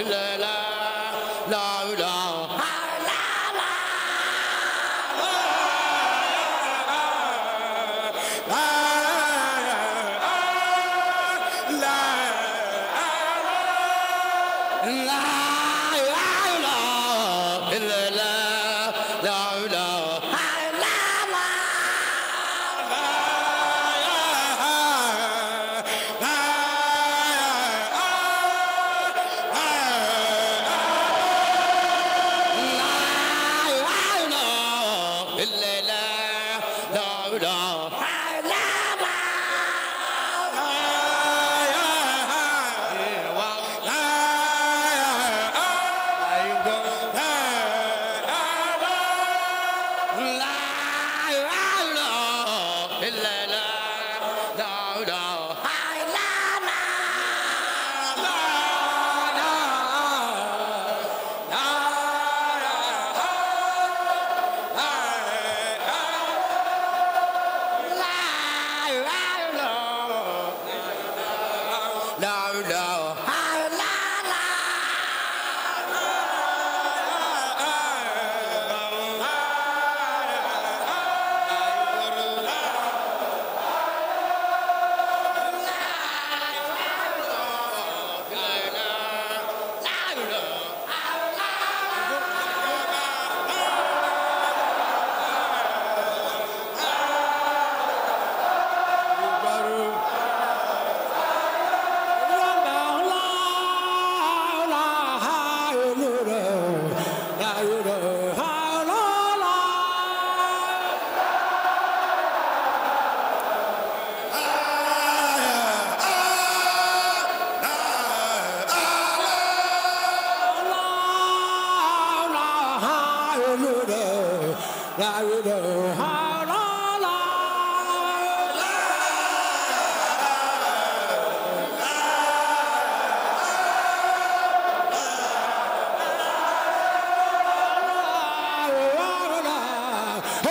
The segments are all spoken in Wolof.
la la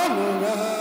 la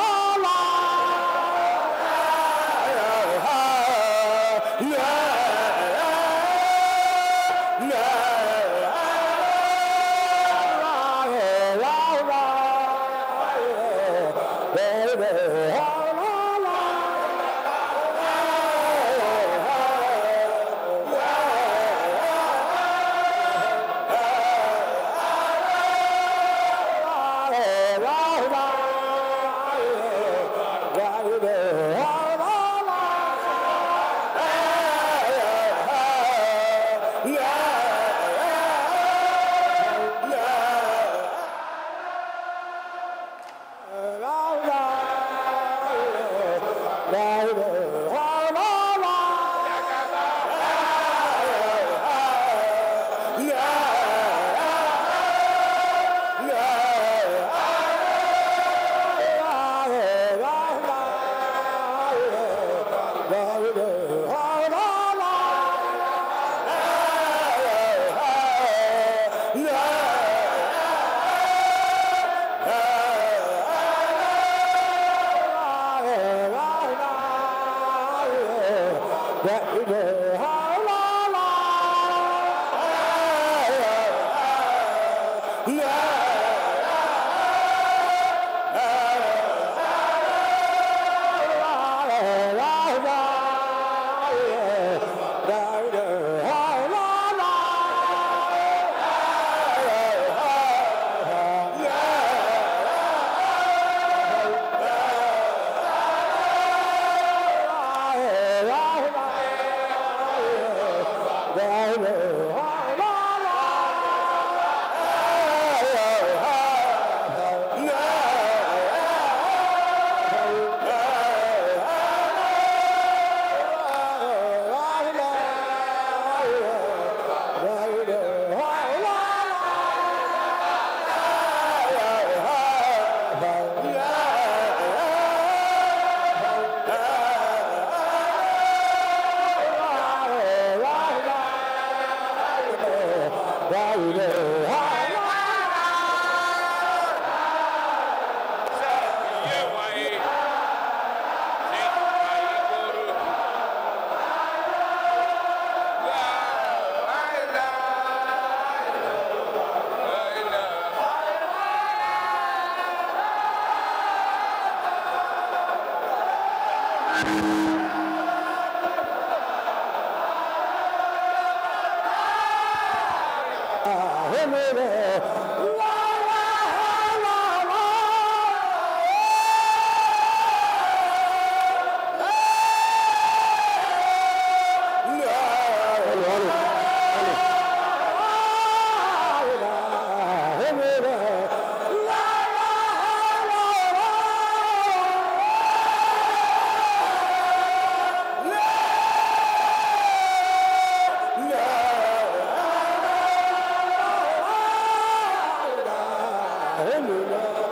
الله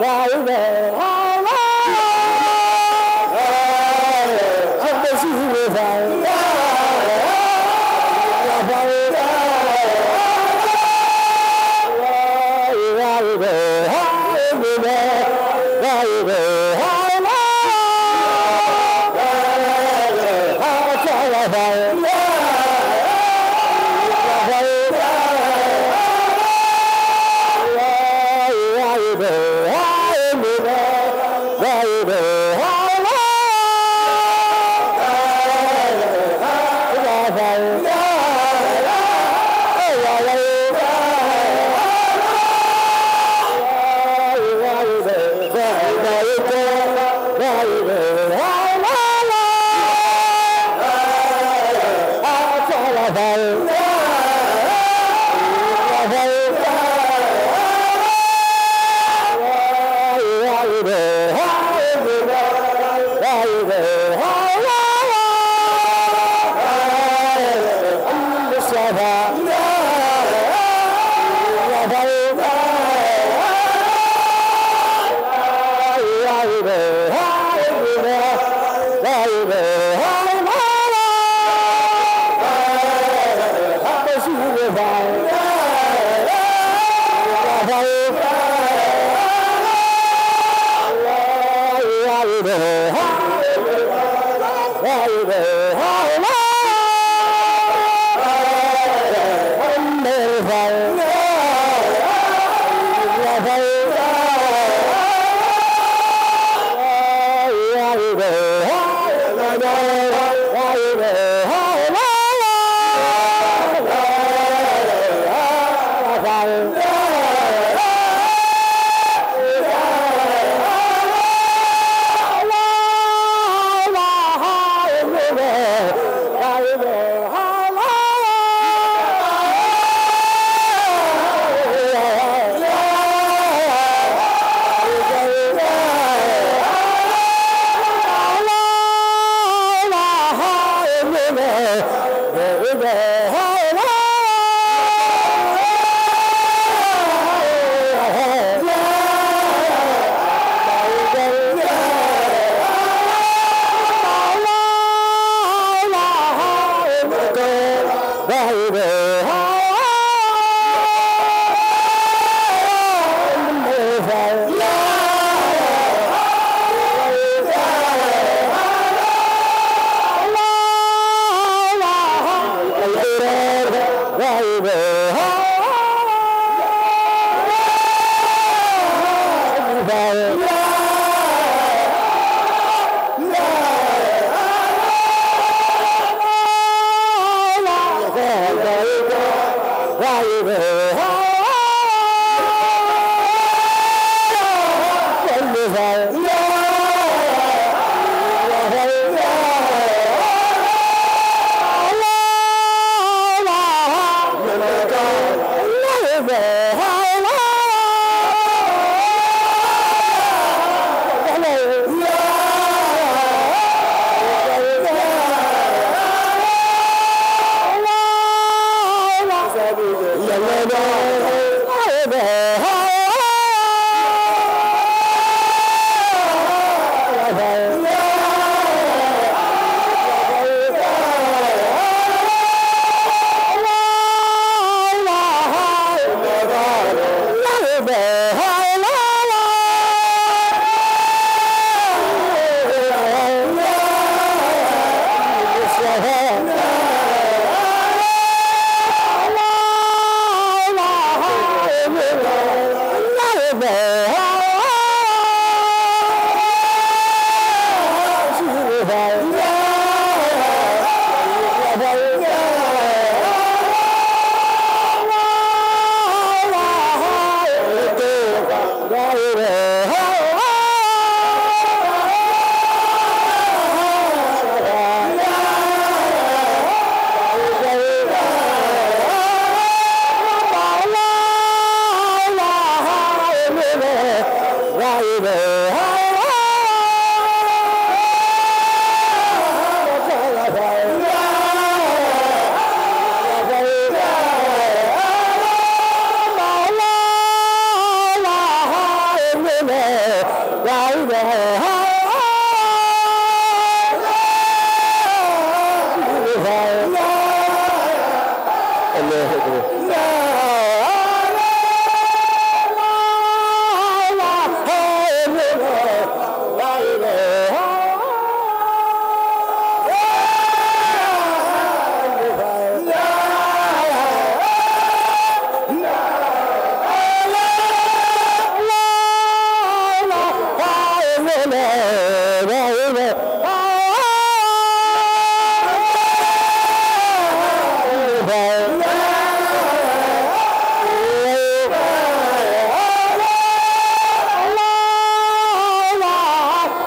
vai về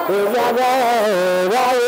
Bye.